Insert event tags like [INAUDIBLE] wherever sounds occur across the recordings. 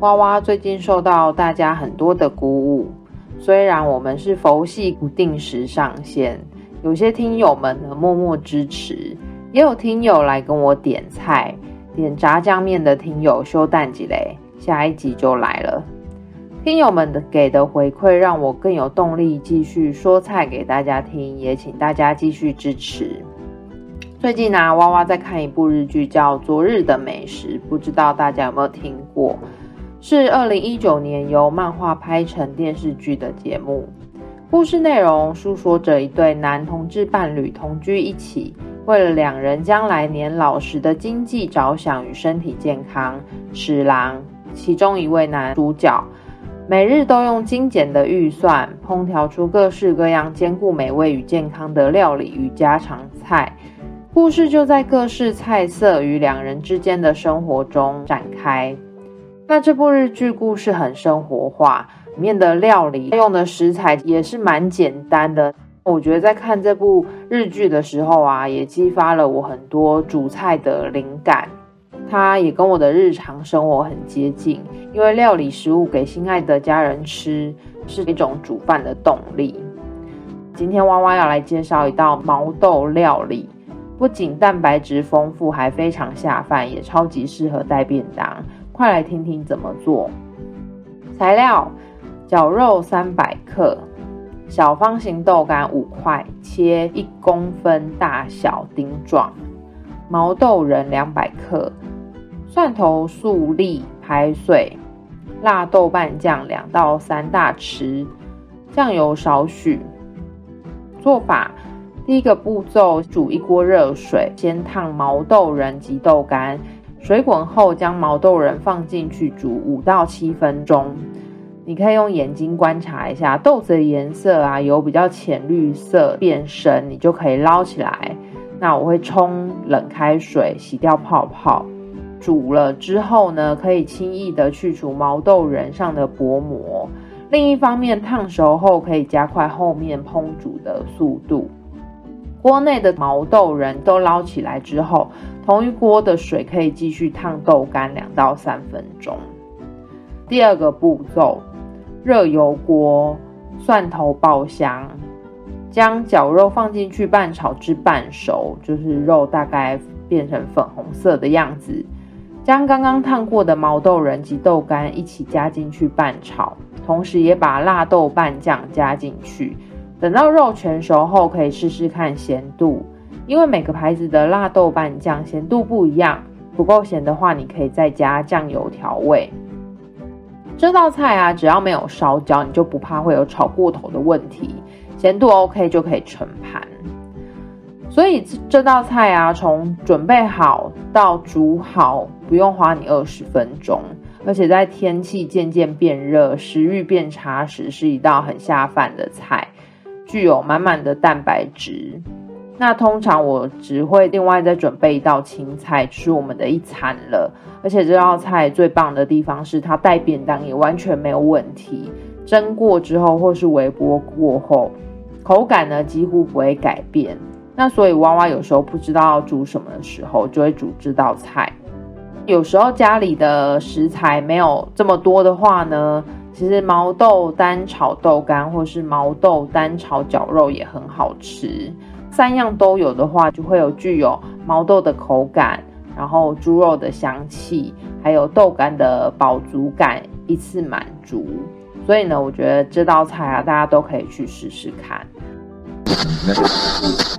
娃娃最近受到大家很多的鼓舞，雖然我們是佛系不定時上線，有些聽友們默默支持，也有聽友來跟我點菜，點炸醬麵的聽友修蛋幾勒，下一集就來了。聽友們給的回饋讓我更有動力繼續說菜給大家聽，也請大家繼續支持。最近呢、啊，蛙蛙在看一部日劇，叫《昨日的美食》，不知道大家有沒有聽過？是二零一九年由漫畫拍成電視劇的節目。故事內容訴說着一對男同志伴侶同居一起，為了兩人將來年老時的經濟着想與身體健康，史郎（其中一位男主角）每日都用精簡的預算烹調出各式各樣兼顧美味與健康的料理與家常菜。故事就在各式菜色與兩人之間的生活中展開。那這部日劇故事很生活化，裡面的料理用的食材也是蠻簡單的。我覺得在看這部日劇的時候啊，也激發了我很多煮菜的靈感。它也跟我的日常生活很接近，因為料理食物給心愛的家人吃是一種煮飯的動力。今天蛙蛙要來介紹一道毛豆料理，不僅蛋白質豐富，還非常下飯，也超級適合帶便當。快來聽聽怎麼做。材料：絞肉三百克，小方形豆乾五塊，切一公分大小丁狀；毛豆仁兩百克，蒜頭數粒拍碎；辣豆瓣醬兩到三大匙，醬油少許。做法：第一個步驟，煮一鍋熱水，先燙毛豆仁及豆乾。水滾後，將毛豆仁放進去煮五到七分鐘。你可以用眼睛觀察一下豆子的顏色啊，由比較淺綠色變深，你就可以撈起來。那我會沖冷開水洗掉泡泡。煮了之後呢，可以輕易的去除毛豆仁上的薄膜。另一方面，燙熟後可以加快後面烹煮的速度。鍋內的毛豆仁都撈起來之後，同一鍋的水可以繼續燙豆乾兩到三分鐘。第二個步驟，熱油鍋，蒜頭爆香，將絞肉放進去拌炒至半熟，就是肉大概變成粉紅色的樣子。將剛剛燙過的毛豆仁及豆乾一起加進去拌炒，同時也把辣豆瓣醬加進去。等到肉全熟後，可以試試看鹹度，因為每個牌子的辣豆瓣醬鹹度不一樣，不夠鹹的話，你可以再加醬油調味。這道菜啊，只要沒有燒焦，你就不怕會有炒過頭的問題，鹹度 OK 就可以盛盤。所以這道菜啊，從準備好到煮好，不用花你二十分鐘，而且在天氣漸漸變熱、食慾變差時，是一道很下飯的菜。具有滿滿的蛋白質，那通常我只會另外再準備一道青菜，吃我們的一餐了。而且這道菜最棒的地方是，它帶便當也完全沒有問題。蒸過之後，或是微波過後，口感呢幾乎不會改變。那所以娃娃有時候不知道要煮什麼的時候，就會煮這道菜。有時候家裡的食材沒有這麼多的話呢。其實毛豆單炒豆乾，或是毛豆單炒絞肉也很好吃。三樣都有的話，就會有具有毛豆的口感，然後豬肉的香氣，還有豆乾的飽足感，一次滿足。所以呢，我覺得這道菜啊，大家都可以去試試看。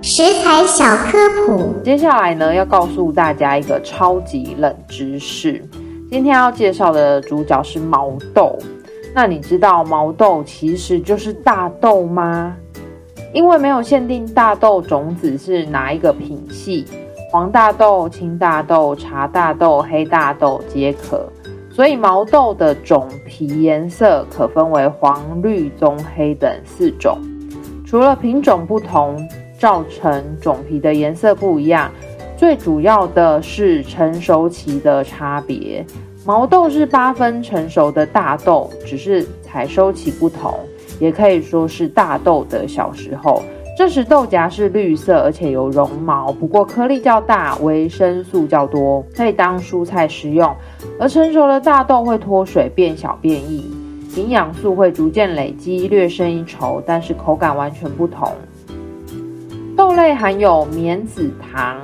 食材小科普，接下來呢，要告訴大家一個超級冷知識。今天要介紹的主角是毛豆。那你知道毛豆其實就是大豆嗎？因為沒有限定大豆種子是哪一個品系，黃大豆、青大豆、茶大豆、黑大豆皆可，所以毛豆的種皮顏色可分為黃、綠、棕、黑等四種。除了品種不同造成種皮的顏色不一樣，最主要的是成熟期的差別。毛豆是八分成熟的大豆，只是採收期不同，也可以說是大豆的小時候。這時豆莢是綠色，而且有絨毛，不過顆粒較大，維生素較多，可以當蔬菜食用。而成熟的大豆會脫水變小變異，營養素會逐漸累積，略勝一籌，但是口感完全不同。豆類含有棉子糖。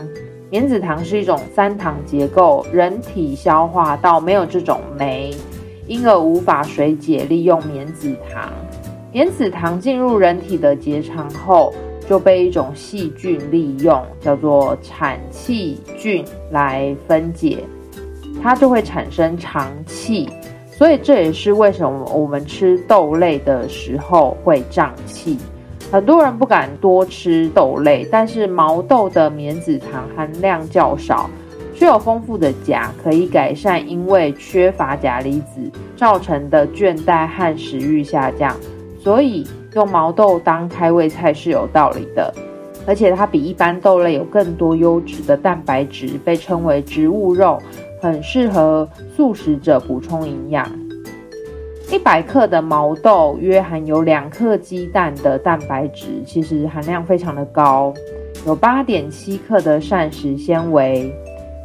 棉子糖是一種三糖結構，人體消化道沒有這種酶，因而無法水解利用棉子糖。棉子糖進入人體的結腸後，就被一種細菌利用，叫做產氣菌來分解，它就會產生腸氣。所以這也是為什麼我們吃豆類的時候會脹氣。很多人不敢多吃豆類，但是毛豆的棉子糖含量較少，具有豐富的鉀，可以改善因為缺乏鉀離子造成的倦怠和食慾下降。所以用毛豆當開胃菜是有道理的，而且它比一般豆類有更多優質的蛋白質，被稱為植物肉，很適合素食者補充營養。一百克的毛豆約含有兩克雞蛋的蛋白質，其實含量非常的高，有八點七克的膳食纖維，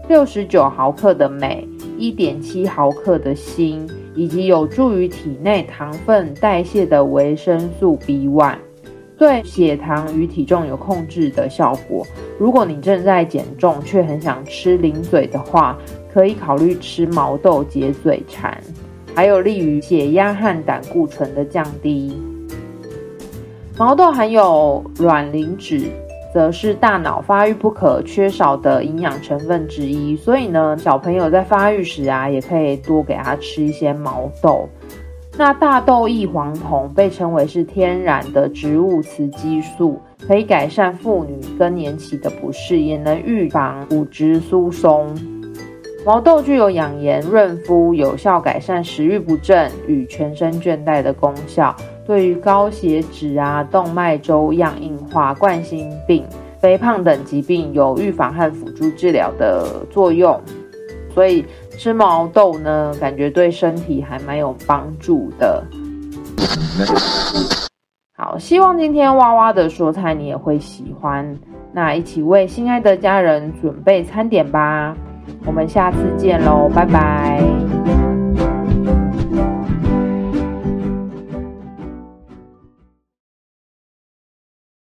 六十九毫克的鎂，一點七毫克的鋅，以及有助於體內糖分代謝的維生素 B1，對血糖與體重有控制的效果。如果你正在減重卻很想吃零嘴的話，可以考慮吃毛豆解嘴饞。還有利於血壓和膽固醇的降低。毛豆含有卵磷脂，則是大腦發育不可缺少的營養成分之一。所以呢，小朋友在發育時啊，也可以多給他吃一些毛豆。那大豆異黃酮被稱為是天然的植物雌激素，可以改善婦女更年期的不適，也能預防骨質疏鬆。毛豆具有養顏、潤膚、有效改善食欲不振與全身倦怠的功效，對於高血脂啊、動脈粥樣硬化、冠心病、肥胖等疾病有預防和輔助治療的作用。所以吃毛豆呢，感覺對身體還蠻有幫助的。 [LAUGHS] 好，希望今天蛙蛙的說菜你也會喜歡，那一起為心愛的家人準備餐點吧。我們下次見嘍，拜拜。